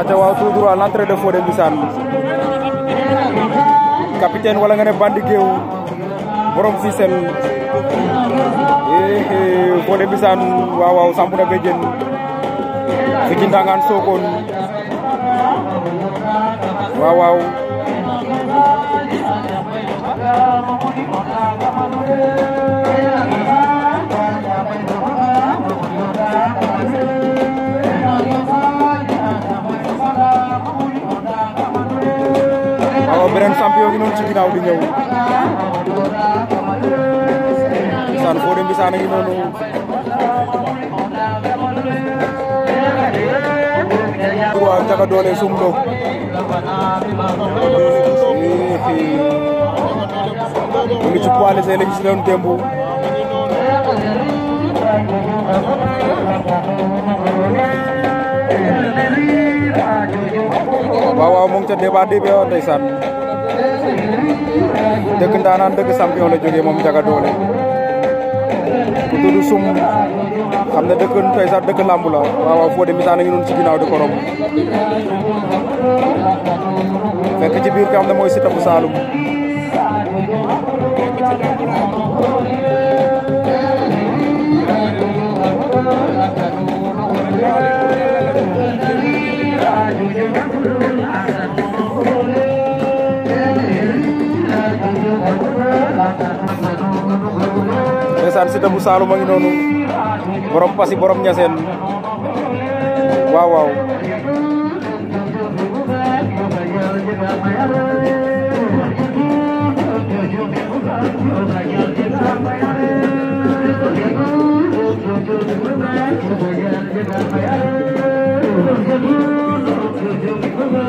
aca waaw tout droit l'entrée de Fodé Mbissane capitaine nga ne bandi géew borom si seen eh, eh, Fodé Mbissane waaw waaw samp na béjjën ginnaaw beneen champion gi noonu ci ginnaaw di ñëw saan Fodé Mbissane a ngi noonu waaw Ndiaga Dolé sum dog mu ngi ci poids léger la gis leen waaw moom mu ngi ca débat di bi ndeysaan dëkk ndaanaan dëkk champion la jógee moom Ndiaga Dolé ku tudd sum xam ne dëkk ndeysaan dëkk làmb la waaw waaw Misaan a ci ginnaaw di ko romb fekk ci biir ki xam ne mooy Siteu bu ndeysaan sudah bu Saalum a ngi borom pasi borom ñaseen waaw waaw